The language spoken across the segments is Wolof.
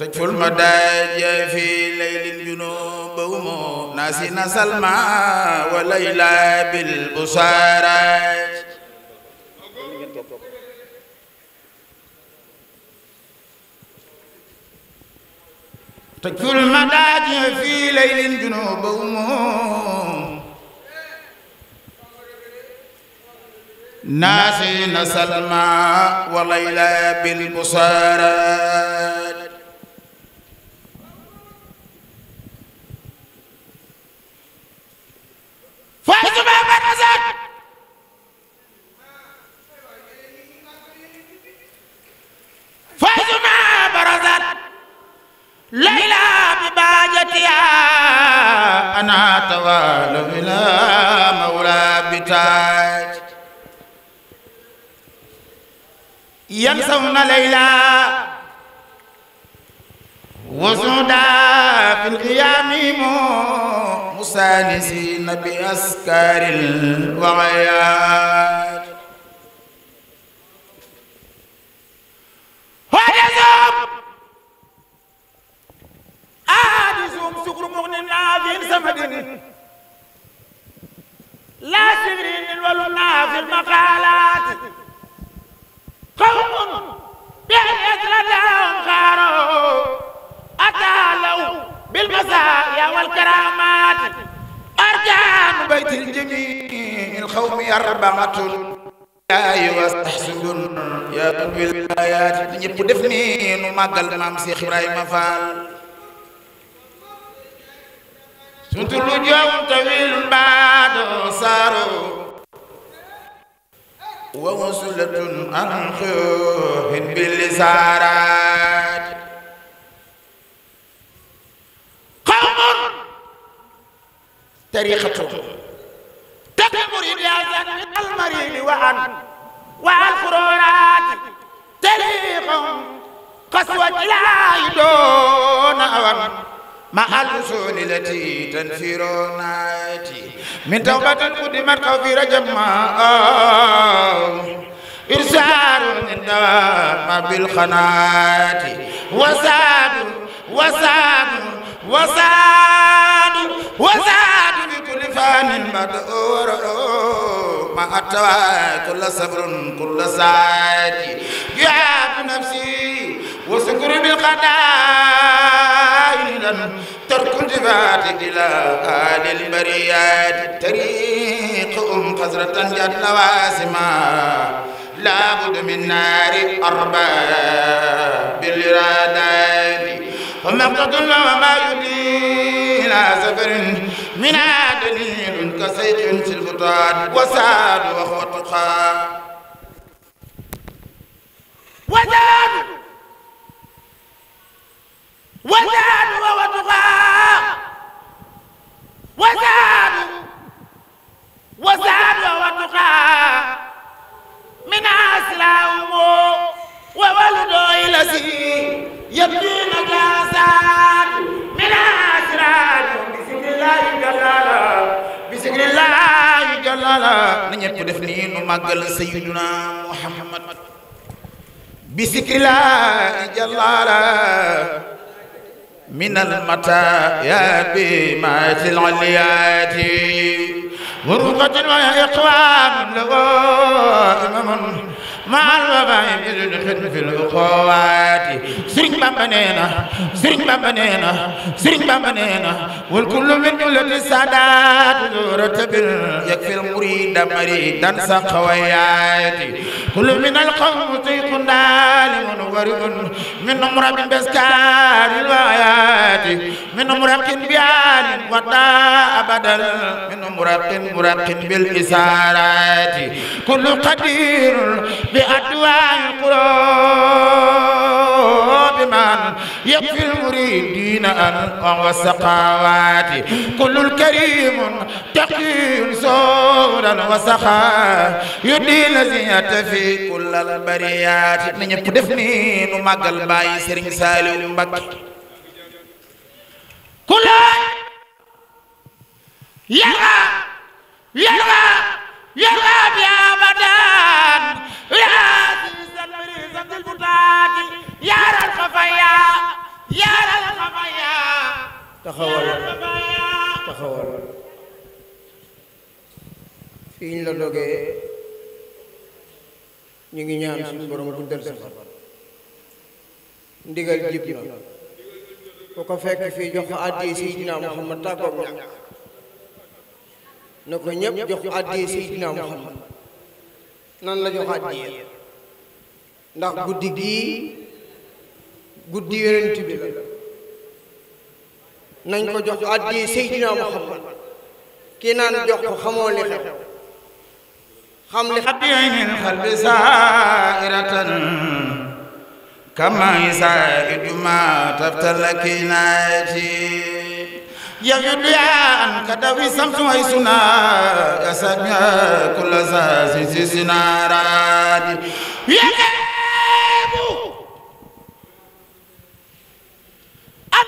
تجفل مداجي في ليل جنوب بومو ناسينا سلمى وليلى بالبصارات تجفل المداجي في ليل جنوب بومو ناسينا سلمى وليلى بالبصارات واسمع برزت فاسمع برزت ليلى بباجتها أنا توالى إلى مولى بتاج ينسون ليلى وسودا في القيام مو مستانسين بأسكار الوغيات ويزوم آدسهم سكر مغن نافين سمد لا سكرين ولا في المقالات المساء يا والكرامات أرجان بيت الجميل قومي أربعة yaay wastaxsidun yaa tul wilayaat ñëpp def ni nu màggal maam Cheikh Ibrahima Fall suntulu joom tawil mbaado saaro wa wasulatun an xooxin billi saaraat tariqatu takaburi bi azan min almaridi wa an wa alxururaati tariqum qaswa ilaahi doona awan ma alusuli lati tanfiro naati min tawbatin quddimat aw fi rajab ma إرسال النوام بالقناة وساد وساد وزاد وزاد بكل فان مدور ما أتوى كل صبر كل زاد يعاب نفسي وسكر بالقضاء ترك الجبات إلى آل البريات طريق أم خزرة جد واسما لابد من نار أرباب بالإرادات ومقتدنا وما يدري إلى سفر منا دليل كسيف في الفتات وساد وخطقا وزاد وزاد ووتقا وزاد وزاد ووتقا màggal sayyiduna muhammad bisikila jalaala min almataayaati maati laliyaati wa ruqatin wa iqwaam lahu imamun maal wafaay bi lu xet fi lu xoowaati sëriñ bamba nee na sëriñ bamba nee na sëriñ bamba nee na wal kullu min ulati saadaat ratabir yakfil murida maridan saqawayaati kullu min alqawmi tayqun daalimun waribun min murabin beskaaril waayaati min muraqin biyaani wada abadan min muraqin muraqin bil isaaraati kullu qadirun بأدواء القلوب من يكفي المريدين أنقى والسقاوات كل الكريم تقي زورا وسخا يدي لزية في كل البريات من يقدف مين مقل باي سرين سالم بك كل يلا يلا يلا يا مدام yaaral taxawal fii ñu la dogee ñu ngi ñaan suñu borom guddal sa fan ndigal jib na ko fekk fii jox ko àddee Seydina Muhammad tàggoog ñàkk na ko ñépp jox ko àddee Seydina Muhammad nan la jox àddee ndax guddi gii guddi yonent bi la nañ jox addi Seydina Muhammad kii naan jox ko xamoo li xew xam li xat yaynin xalbi sairatan kama yasaidu ma taftala kinayati يجد أن كدوي سمس ويسنا يسمع كل زاز سنارات يجد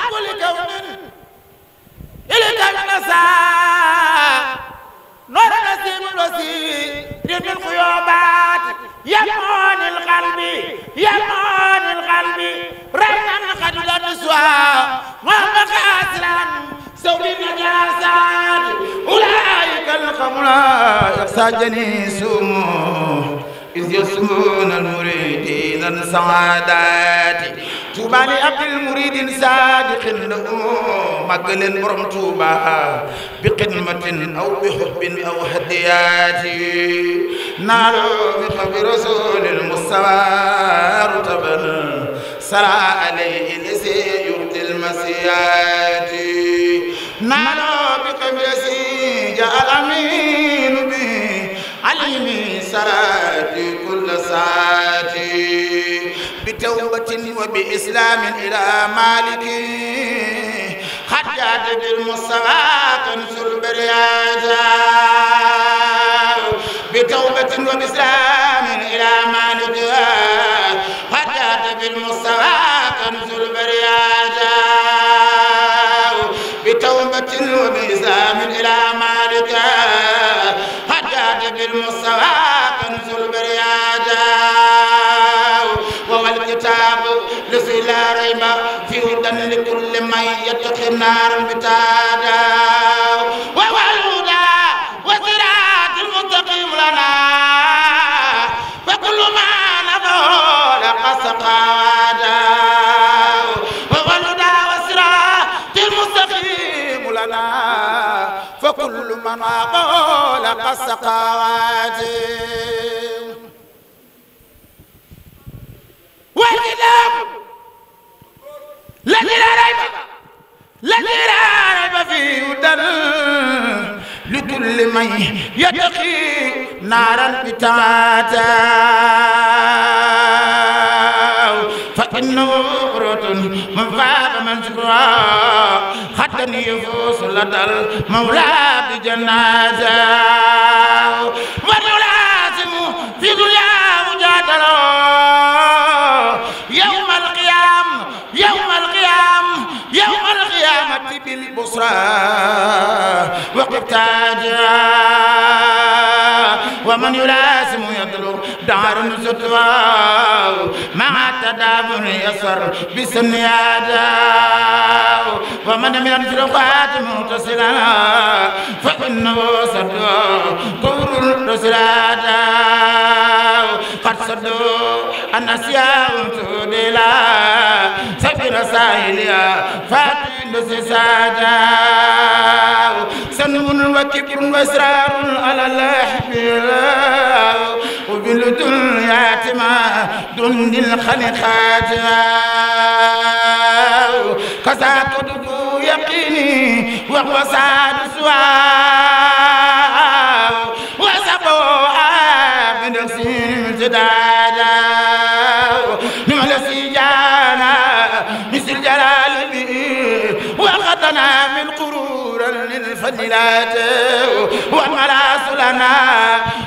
عن كل كون إليك المساء نور نسيم رسي ريم الخيوبات يمون القلب يمون القلب رينا قد النسوى وما قاتلا سوري النجاسات أولئك القوم لا يخشى جنيسهم إذ يسكون المريدين السعادات توبى لعبد مريد صادق له مجل برم توبى بقدمة أو بحب أو هديات نار بحب رسول المستوار تبا سرى عليه الذي يؤتي المسيات نار ساعتي كل ساعتي بتوبة وبإسلام إلى مالكي قد جاءت بالمصطفى تنصر البرياتا بتوبة وبإسلام إلى مالكها قد جاءت بالمصطفى تنصر البرياتا بتوبة وبإسلام إلى لكل من يتقي النار بتادا ووالودا وصراط المستقيم لنا فكل ما نفعه لقد سقادا ووالودا وصراط المستقيم لنا فكل من عقل لقد سقادا وإلى الذي لا ريب الذي لا ريب فيه هدى لكل من يتقي نار البتات فإنه أورة من فاق من شكرا حتى يفوز لدى المولى بجنازه بالبصرى وقبتاجها ومن يلازم يضرب دار نزتوى مع التدابر يسر بسن ومن من الفرقات متصلا فإنه صدوى كفر رسلاتا قد صدوا أن أسياهم تودي لا سبيل ساهليا فاتي بسسادا سنم وكبر واسرار على الاحبار وبالدنيا تما دون الخلقات كسات دو يقيني وهو سعد سواه وسبوا من نفسي امتدادا نملسي جانا مثل جلال خلقنا من قرورا للفن لا والملاس لنا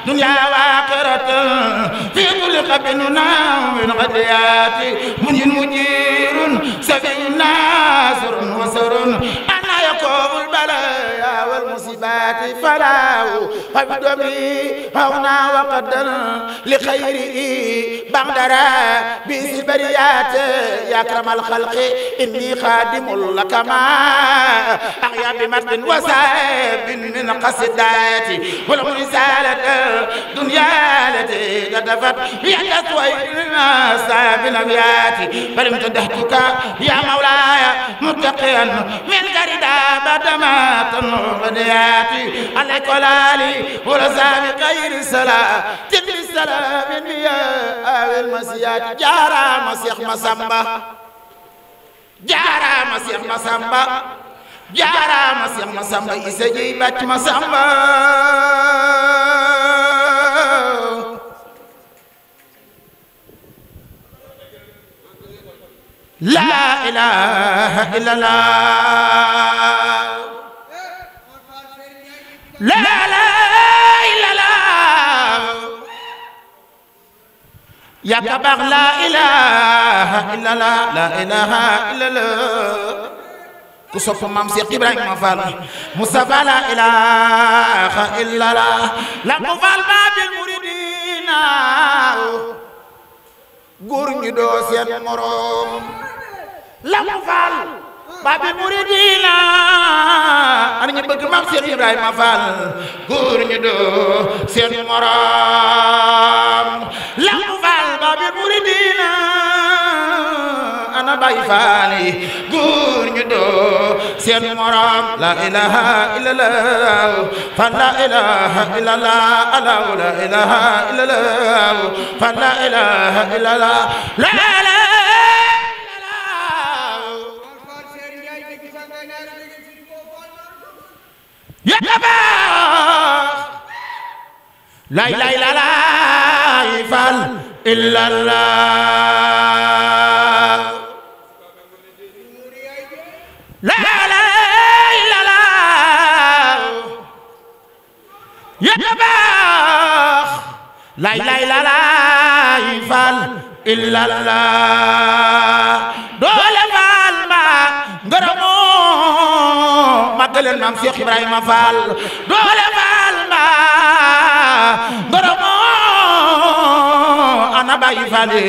دنيا واخرة في كل قبلنا من غديات من مجير سفي ناصر وسر الإثبات فلاه فبدمي هنا وقدا لخيره بغدرا بالبريات يا أكرم الخلق إني خادم لك ما أحيا بمجد وساب من قصداتي والرسالة دنيا التي قدفت هي تسوينا ساب نبياتي فلمتدهتك يا مولاي متقيا من كردا بدما تنور الصلاة على كلالي ورزام غير الصلاة جد السلام النياء المسيات جارا مسيح مسمى جارا مسيح مسمى جارا مسيح مسمى إسجيبت مسمى لا إله إلا الله la ilaha illallah yaa tabax la ilaha illallah la ilaha illallah ku sopp maam Cheikh Ibrahima Fall Moustapha la ilaha illallah la ko faal baabil muridina góor ñi doo seen morom la ko faal babi muridina ana ñu bëgg maam seen Ibrahima Fall góor ñu doo seen morom Lamp Fall babi muridina ana Baay Faal yi góor ñu doo seen morom la ilaha illallah fa la ilaha illallah alaw la ilaha illallah fa la ilaha illallah ya baax lay lay la lay fal illa la lay lay la la ya baax lay lay la lay fal illa la màggaleen maam Cheikh Ibrahima Fall baay faale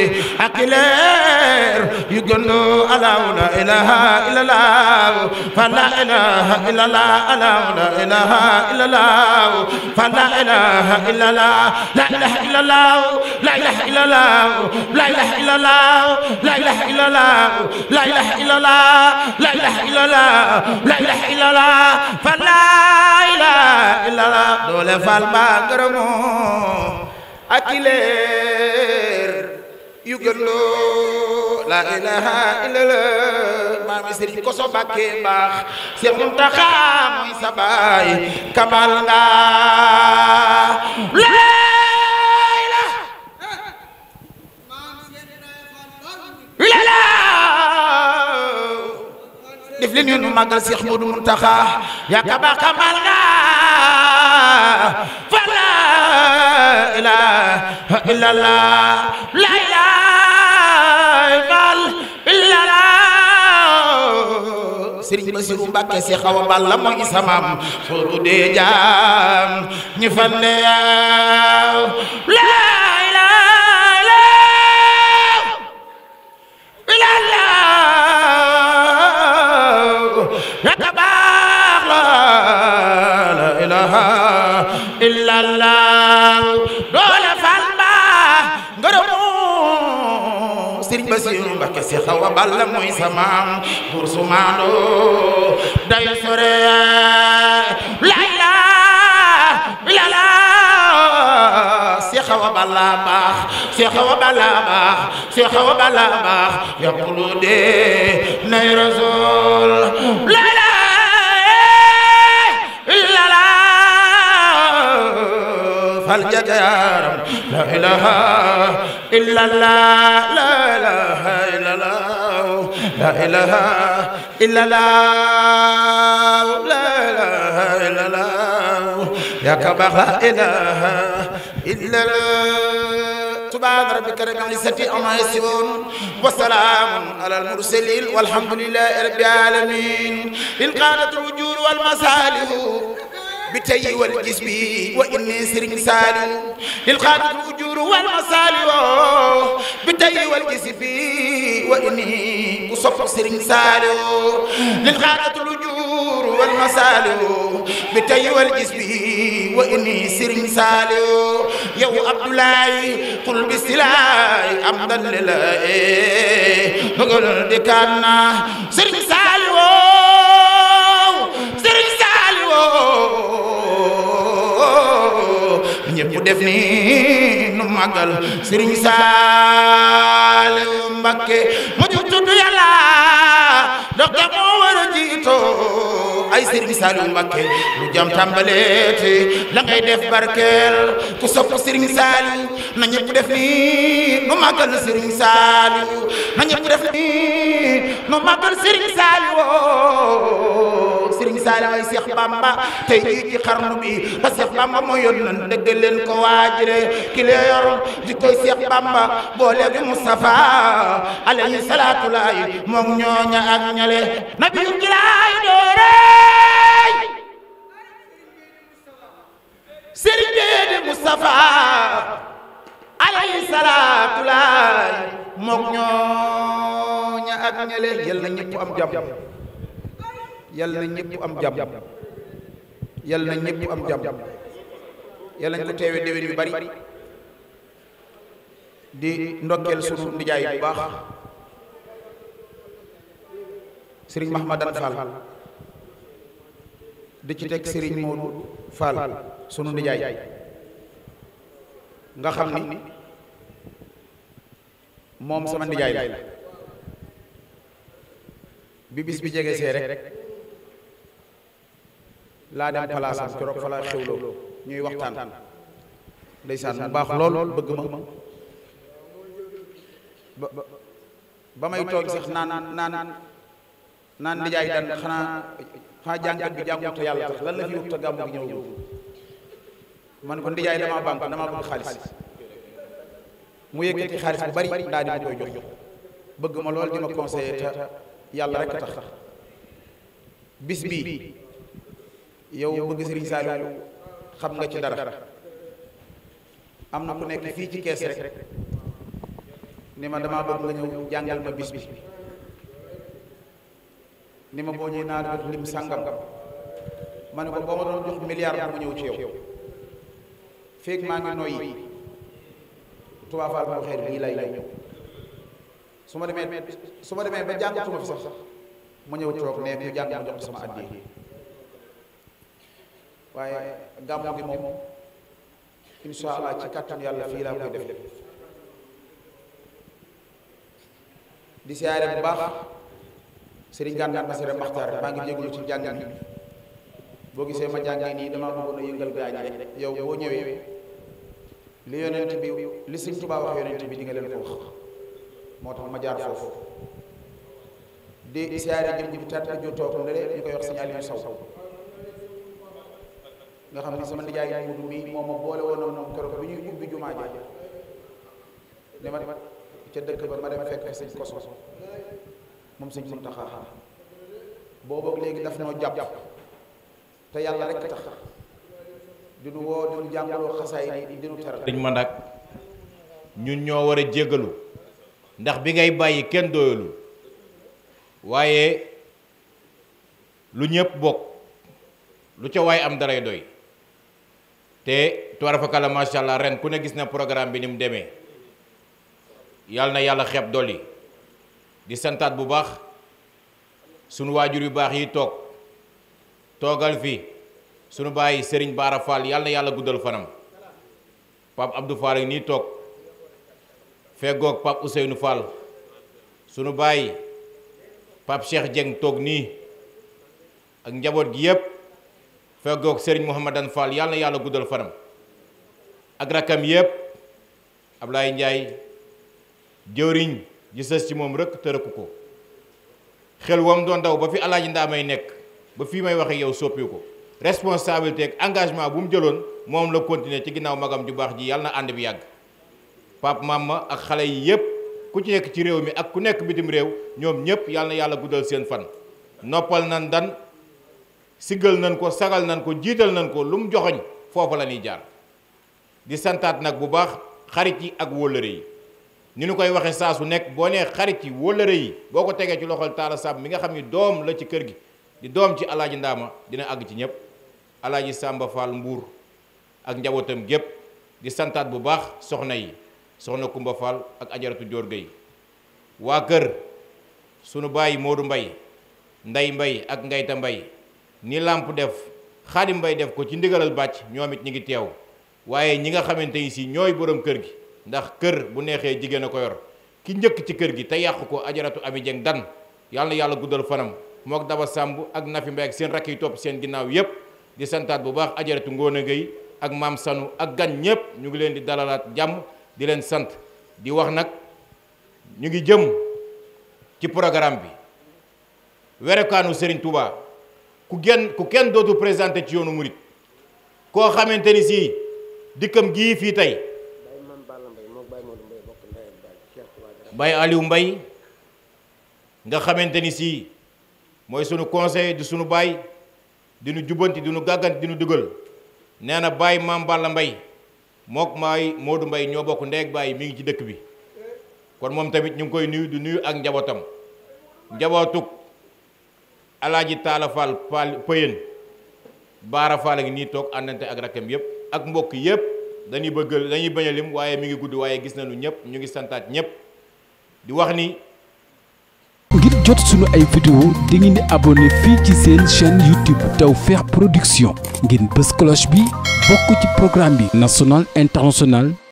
ak leer yu gënu alaaw la ilaha illallah fa la ilaha illallah alaaw la ilaha illallah fa la ilaha illallah la ilaha illallah la ilaha illallah la ilaha illallah la ilaha illallah la ilaha illallah la ilaha illallah la ilaha illallah fa la ilaha illallah doole faal ba gërëmoo ak leer yu gën loo la ilaha illallah maami sëriñ koso bàkke baax Seex Muntaxa mooy la ilaha def leen yoonu màggal Seex Moodu Muntaxa yaka ba kamal fa la ilaha illallah la ilaha illallah Sëriñ Basiru Mbàkke Seex Awa Balla mooy isamam fo dee jaam ñi fan ne la naka baax la la ilaha illallah doole fal ba ngërëmu Sëriñ Basiru Mbakke si xaw a balla mooy sa maam pour su maando day sore la ilaha illallah seexawa bala baax seexawa bala baax seexawa bala baax yaqulu de nay rasul فالجك يا رب لا إله إلا الله لا إله إلا الله لا إله إلا الله لا إله إلا الله يا كما لا إله إلا الله سبحان ربك رب العزة عما يصفون وسلام على المرسلين والحمد لله رب العالمين إن كانت الوجوه والمصالح bi tey wal gis bi wa inni sëriñ saaliw lil xaadatu ujuru wal masaaliyo bi tey wal gis bi wa inni ku sopp sëriñ saaliw lil xaadatu ujuru wal masaaliyo bi tey wal gis bi wa inni sëriñ saaliw yow Abdoulaye xul bi silaay am dan lilaay bëggal di kaan naa sëriñ def ni nu màggal sëriñ Saaliw Mbakke mu ju tudd yàlla dokka moo war a jiitoo ay sëriñ Saliou Mbacké lu jam tàmbaleeti la ngay def barkeel ku sopp sëriñ na ñëpp def ni nu màggal sëriñ Saliou na ñëpp def ni nu màggal sëriñ Saliou sëriñ Saaliw ay Seex Bamba tey jii ci xarnu bi ba Seex Bamba moo nan dëgg ko waajire ki lee yor di koy boole bi Mustafa alayhi salaatu laay moom ñooña ak ñale nabiyu jilaay dooreey sëriñ bi Mustafa alayhi salaatu laay moom ñooña ak ñale yal na ñëpp am jàmm yal na ñëpp am jàmm yal na ñëpp am jàmm yàlla nañ ko teewe déwén yu bari di ndokkeel sunu ndijaay bu baax sëriñ Mahmadan Fall di ci teg sëriñ Modou Fall sunu ndijaay nga xam ni moom sama ndijaay la bi bis bi jege see rek laa dem place am keroog fa laa xewloo ñuy waxtaan ndeysaan bu baax lool bëgg ma ba ba may toog sax naan naan naan nijaay daan xanaa xanaa jàngat bi jàngut yàlla tax lan la fi wut te gàmmu gi ñëw man ko nijaay damaa banque damaa bëgg xaalis mu yëkkati xaalis bu bari daal di ma koy jox bëgg ma lool di ma conseiller yàlla rek tax bis bii yow bëgg Serigne Saliou xam nga ci dara am na ku nekk fii ci kees rek ni ma damaa bëgg nga ñëw jàngal ma bis bi ni ma boo ñuy naa def lim sàngam ma ne boo ma doon jox milliard bu ma ñëw ci yow feeg maa ngi noyyi tubaafaal bu xeer bii lay ñëw su ma demee su ma demee ba jàngatuma fi sax mu ñëw toog nekk jàng ma jox sama addi waaye gàmmu gi moom insha allah ci kàttan yàlla fii laa koy def di siyaare bu baax sëriñ gànnaar Masere Maxtaar maa ngi jégalu ci jàngan yi boo gisee ma jàngee nii damaa bëggoon a yëngal gaañ rek yow boo ñëwee li yonent bi li sëñ Tuubaa wax yonent bi di nga leen ko wax moo tax ma jaar foofu di siyaare jëm ji bi tànn ju toog na ñu koy wax sëñ Aliou Sow nga xam ne sama nijaay Moodu mi moom ma boole woon moom keroog bi ñuy ubbi jumaa ja ne ma ca dëkk ba ma dem fekk sëñ koso moom sëñ Muntaxa boobu léegi daf noo jàpp te yàlla rek tax dinu woo dinu jàngaloo xasaay yi dinu teral dañ ma nag ñun ñoo war a jéggalu ndax bi ngay bàyyi kenn doyalul waaye lu ñëpp bokk lu ca waay am daray doy te tuwar fa kala macha allah ren ku ne gis na programme bi ni mu demee yàlla na yàlla xeeb dolli di santaat bu baax sunu waajur yu baax yi toog toogal fi sunu bàyyi Serigne Bara Fall yàlla na yàlla guddal fanam Pape Abdou Fall nii toog feggoog Pape Ousseynou Fall sunu bàyyi Pape Cheikh Dieng toog nii ak njaboot gi yépp feggoog Serigne Mouhamadane Fall yàlla na yàlla guddal fanam ak rakkam yépp Ablaye Ndiaye jëwriñ ji sës ci moom rëkk te rëkku ko xel wam doon daw ba fi alaaji ndaa may nekk ba fii may waxe yow soppiwu ko responsabilité engagement bu mu jëloon moom la continuer ci ginnaaw magam ju baax ji yàlla na ànd bi yàgg Pape Mama ak xale yi yépp ku ci nekk ci réew mi ak ku nekk bitim réew ñoom ñépp yàlla yàlla guddal seen fan noppal nan dan siggal nañ ko sagal nañ ko jiital nañ ko lu mu joxoñ foofu la ñuy jaar di santaat nag bu baax xarit yi ak wóllëre yi ni ñu koy waxee saa su nekk boo nee xarit yi wóllëre yi boo ko tegee ci loxol Talla Samb mi nga xam ni doom la ci kër gi di doom ci alaaji Ndaama dina àgg ci ñëpp alaaji Samba Fall Mbuur ak njabootam gépp di santaat bu baax soxna yi soxna Kumba ak ajaratu Dior Gueye waa kër sunu bàyyi Modou Mbay ndey Mbay ak Ngayta Mbay ni làmp def xaadim bay def ko ci ndigalal bàcc ñoom it ñi ngi teew waaye ñi nga xamante ni si ñooy boroom kër gi ndax kër bu neexee jigéen a ko yor ki njëkk ci kër gi te yàqu ko ajaratu ami jeng dan yàlla na yàlla guddal fanam mook daba sàmb ak nafi mbay ak seen rakk yi topp seen ginnaaw yépp di santaat bu baax ajaratu ngoon a gay ak maam sanu ak gan ñépp ñu ngi leen di dalalaat jàmm di leen sant di wax nag ñu ngi jëm ci programme bi werekaanu Serigne Touba ku genn ku kenn dootu présenté ci yoonu murit koo xamante ni sii dikkam gii fii tey Baye Aliou mbay nga xamante ni sii mooy sunu conseil di sunu baay di nu jubbanti di nu gàgganti di nu dugal nee na Baye Mame Balla Mbaye mook maay Modou mbay ñoo bokk ndeeg Baye mi ngi ci dëkk bi kon moom tamit ñu ngi koy nuyu di nuyu ak njabootam njabootuk alaaji Taala Fall Fall Pëyën ngi nii toog àndante ak rakkam yëpp ak mbokk yëpp dañuy bëggal dañuy bañ lim waaye mi ngi gudd waaye gis nañu ñëpp ñu ngi santaat ñëpp di wax ni. ngir jot suñu ay vidéo di ngeen di abonné fii ci seen chaîne YouTube Tawfekh Production ngeen bës cloche bi bokk ci programme bi national international.